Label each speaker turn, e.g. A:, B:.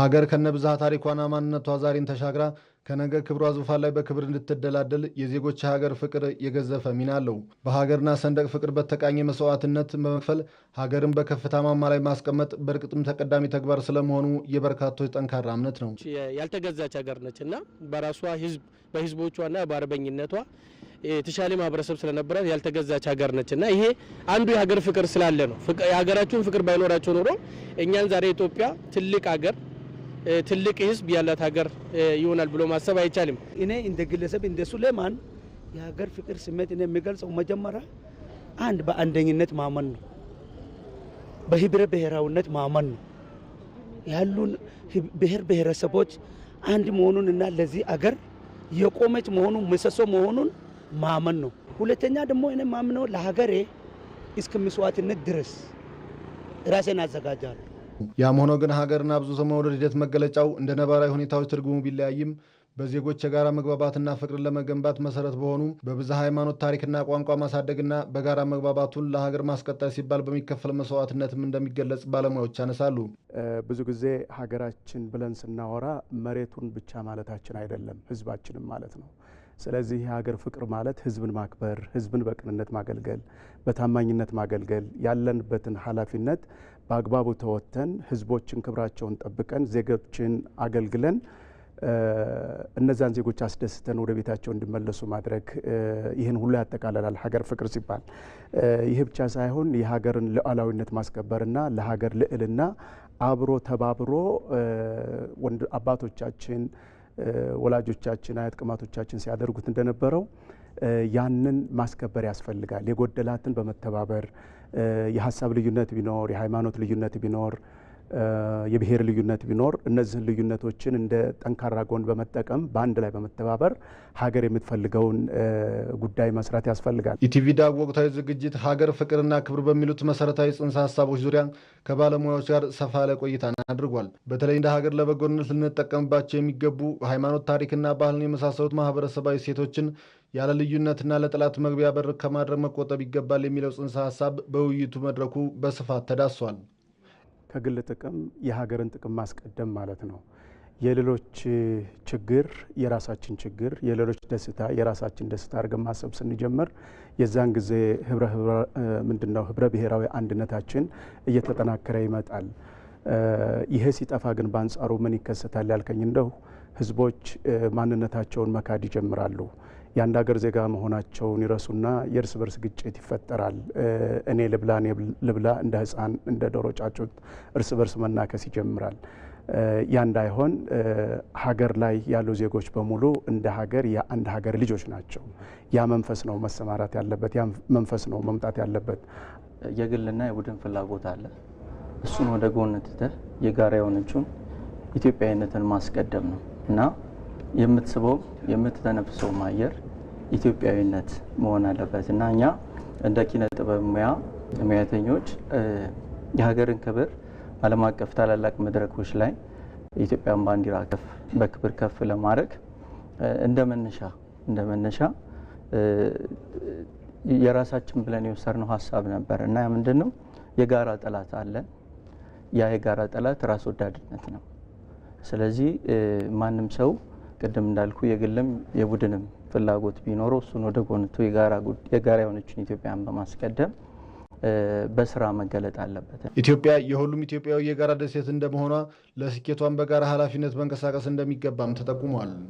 A: ሀገር ከነብዝሃ ታሪኳና ማንነቷ ዛሬን ተሻግራ ከነገ ክብሯ ዙፋን ላይ በክብር እንድትደላደል የዜጎች የሀገር ፍቅር የገዘፈ ሚና አለው። በሀገርና ሰንደቅ ፍቅር በተቃኘ መስዋዕትነት በመክፈል ሀገርን በከፍታ ማማ ላይ ማስቀመጥ በእርግጥም ተቀዳሚ ተግባር ስለመሆኑ የበርካቶች ጠንካራ እምነት ነው።
B: ያልተገዛች ሀገር ነች እና በራሷ ህዝብ በህዝቦቿና በአርበኝነቷ የተሻለ ማህበረሰብ ስለነበረ ያልተገዛች ሀገር ነች እና ይሄ አንዱ የሀገር ፍቅር ስላለ ነው። የሀገራችሁን ፍቅር ባይኖራቸው ኖሮ እኛን ዛሬ ኢትዮጵያ ትልቅ ሀገር ትልቅ ህዝብ ያላት ሀገር ይሆናል ብሎ ማሰብ አይቻልም።
C: እኔ እንደ ግለሰብ እንደ ሱሌማን የሀገር ፍቅር ስሜት እኔ የሚገልጸው መጀመሪያ አንድ በአንደኝነት ማመን ነው፣ በህብረ ብሔራዊነት ማመን ነው። ያሉን ብሔር ብሔረሰቦች አንድ መሆኑን እና ለዚህ አገር የቆመች መሆኑን ምሰሶ መሆኑን ማመን ነው። ሁለተኛ ደግሞ እኔ ማምነው ለሀገሬ እስከ መስዋዕትነት ድረስ ራሴን አዘጋጃለሁ።
A: ያም ሆኖ ግን ሀገርና ብዙ ሰው መውደድ ሂደት መገለጫው እንደ ነባራዊ ሁኔታዎች ትርጉሙ ቢለያይም በዜጎች የጋራ መግባባትና ፍቅርን ለመገንባት መሰረት በሆኑ በብዛ ሃይማኖት ታሪክና ቋንቋ ማሳደግና በጋራ መግባባቱን ለሀገር ማስቀጠል ሲባል በሚከፈል መስዋዕትነትም እንደሚገለጽ ባለሙያዎች ያነሳሉ።
D: ብዙ ጊዜ ሀገራችን ብለን ስናወራ መሬቱን ብቻ ማለታችን አይደለም፣ ህዝባችንም ማለት ነው። ስለዚህ የሀገር ፍቅር ማለት ህዝብን ማክበር፣ ህዝብን በቅንነት ማገልገል፣ በታማኝነት ማገልገል፣ ያለንበትን ኃላፊነት በአግባቡ ተወጥተን ህዝቦችን ክብራቸውን ጠብቀን ዜጎችን አገልግለን እነዛን ዜጎች አስደስተን ወደ ቤታቸው እንዲመለሱ ማድረግ ይህን ሁሉ ያጠቃልላል ሀገር ፍቅር ሲባል። ይህ ብቻ ሳይሆን የሀገርን ሉዓላዊነት ማስከበርና ለሀገር ልዕልና አብሮ ተባብሮ አባቶቻችን ወላጆቻችን አያት ቅማቶቻችን ሲያደርጉት እንደነበረው ያንን ማስከበር ያስፈልጋል። የጎደላትን በመተባበር የሀሳብ ልዩነት ቢኖር የሃይማኖት ልዩነት ቢኖር የብሔር ልዩነት ቢኖር እነዚህን ልዩነቶችን እንደ ጠንካራ ጎን በመጠቀም በአንድ ላይ በመተባበር ሀገር የምትፈልገውን ጉዳይ መስራት ያስፈልጋል።
A: ኢቲቪ ዳግ ወቅታዊ ዝግጅት ሀገር ፍቅርና ክብር በሚሉት መሰረታዊ ጽንሰ ሀሳቦች ዙሪያ ከባለሙያዎች ጋር ሰፋ ያለ ቆይታ አድርጓል። በተለይ እንደ ሀገር ለበጎነት ልንጠቀምባቸው የሚገቡ ሃይማኖት፣ ታሪክና ባህልን የመሳሰሉት ማህበረሰባዊ ሴቶችን ያለ ልዩነትና ለጠላት መግቢያ በር ከማድረግ መቆጠብ ይገባል የሚለው ጽንሰ ሀሳብ በውይይቱ መድረኩ በስፋት ተዳሷል።
D: ከግል ጥቅም የሀገርን ጥቅም ማስቀደም ማለት ነው። የሌሎች ችግር የራሳችን ችግር፣ የሌሎች ደስታ የራሳችን ደስታ አድርገን ማሰብ ስንጀምር የዛን ጊዜ ምንድን ነው ህብረ ብሔራዊ አንድነታችን እየተጠናከረ ይመጣል። ይሄ ሲጠፋ ግን በአንጻሩ ምን ይከሰታል ያልከኝ እንደው ህዝቦች ማንነታቸውን መካድ ይጀምራሉ። የአንድ ሀገር ዜጋ መሆናቸውን ይረሱና የእርስ በርስ ግጭት ይፈጠራል። እኔ ልብላ እኔ ልብላ እንደ ህፃን እንደ ዶሮ ጫጩት እርስ በርስ መናከስ ይጀምራል። ያ እንዳይሆን ሀገር ላይ ያሉ ዜጎች በሙሉ እንደ ሀገር የአንድ ሀገር ልጆች ናቸው። ያ መንፈስ ነው መሰማራት ያለበት፣ ያ መንፈስ ነው መምጣት ያለበት።
E: የግልና የቡድን ፍላጎት አለ። እሱን ወደ ጎን ትተህ የጋራ የሆነችውን ኢትዮጵያዊነትን ማስቀደም ነው። እና የምትስበውም የምትተነፍሰውም አየር ኢትዮጵያዊነት መሆን አለበት እና እኛ እንደ ኪነ ጥበብ ሙያ ሙያተኞች የሀገርን ክብር ዓለም አቀፍ ታላላቅ መድረኮች ላይ የኢትዮጵያን ባንዲራ ከፍ በክብር ከፍ ለማድረግ እንደ መነሻ እንደ መነሻ የራሳችን ብለን የወሰድነው ሀሳብ ነበር እና ምንድን ነው የጋራ ጠላት አለን። ያ የጋራ ጠላት ራስ ወዳድነት ነው። ስለዚህ ማንም ሰው ቅድም እንዳልኩ የግልም የቡድንም ፍላጎት ቢኖረው እሱን ወደ ጎንቶ የጋራ የሆነችን ኢትዮጵያን በማስቀደም በስራ መገለጥ አለበት።
A: ኢትዮጵያ የሁሉም ኢትዮጵያዊ የጋራ ደሴት እንደመሆኗ ለስኬቷን በጋራ ኃላፊነት መንቀሳቀስ እንደሚገባም ተጠቁሟል።